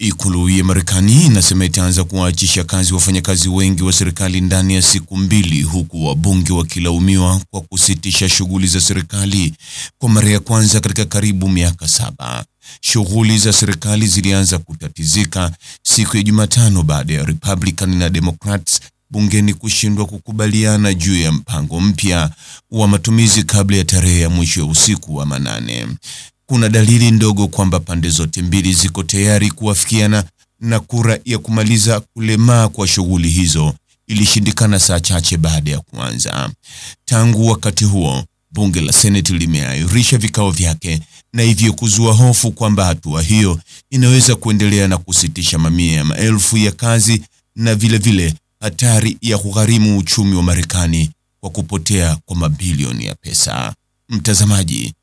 Ikulu ya Marekani inasema itaanza kuwaachisha kazi wafanyakazi wengi wa serikali ndani ya siku mbili, huku wabunge wakilaumiwa kwa kusitisha shughuli za serikali kwa mara ya kwanza katika karibu miaka saba. Shughuli za serikali zilianza kutatizika siku ya Jumatano baada ya Republican na Democrats bungeni kushindwa kukubaliana juu ya mpango mpya wa matumizi kabla ya tarehe ya mwisho ya usiku wa manane kuna dalili ndogo kwamba pande zote mbili ziko tayari kuafikiana na kura ya kumaliza kulemaa kwa shughuli hizo ilishindikana saa chache baada ya kuanza. Tangu wakati huo, bunge la Seneti limeahirisha vikao vyake na hivyo kuzua hofu kwamba hatua hiyo inaweza kuendelea na kusitisha mamia ya maelfu ya kazi na vilevile vile hatari ya kugharimu uchumi wa Marekani kwa kupotea kwa mabilioni ya pesa. Mtazamaji,